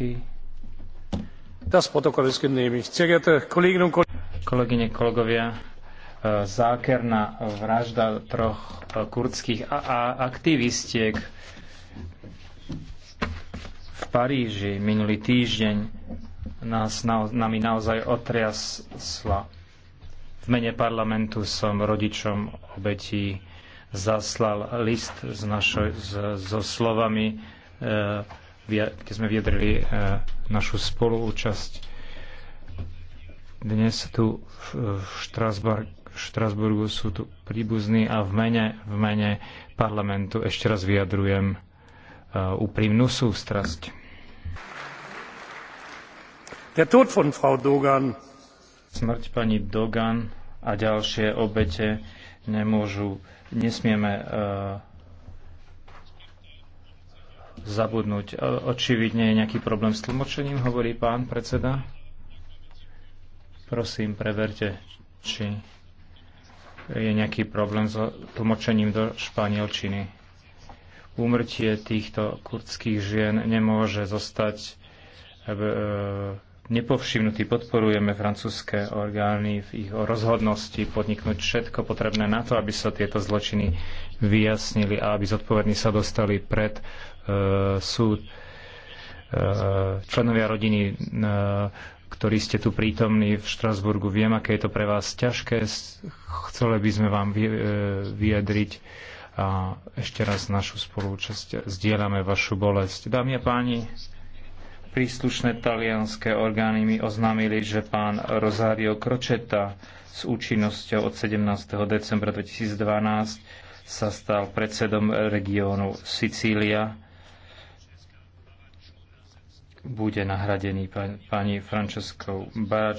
výnimky. Das Protokoll ist genehmigt. Sehr geehrte Kolleginnen und Kollegen. kolegovia, e, zákerná vražda troch e, kurdských aktivistiek v Paríži minulý týždeň nás nami naozaj otriasla. V mene parlamentu som rodičom obetí zaslal list s našo, s, so slovami e, keď sme vyjadrili eh, našu spoluúčasť. Dnes tu v Štrasburg, Štrasburgu sú tu príbuzní a v mene, v mene parlamentu ešte raz vyjadrujem eh, úprimnú sústrasť. Der Tod von Frau Dogan. Smrť pani Dogan a ďalšie obete nemôžu, nesmieme uh, zabudnúť. E, očividne je nejaký problém s tlmočením, hovorí pán predseda. Prosím, preverte, či je nejaký problém s tlmočením do španielčiny. Úmrtie týchto kurdských žien nemôže zostať e, nepovšimnutí. Podporujeme francúzske orgány v ich rozhodnosti podniknúť všetko potrebné na to, aby sa tieto zločiny vyjasnili a aby zodpovední sa dostali pred e, súd. E, členovia rodiny, e, ktorí ste tu prítomní v Štrasburgu, viem, aké je to pre vás ťažké. Chceli by sme vám e, vyjadriť a ešte raz našu spolúčasť. Zdieľame vašu bolesť. Dámy a páni, Príslušné talianské orgány mi oznámili, že pán Rosario Kročeta s účinnosťou od 17. decembra 2012 sa stal predsedom regiónu Sicília. Bude nahradený pani Francescou Bač.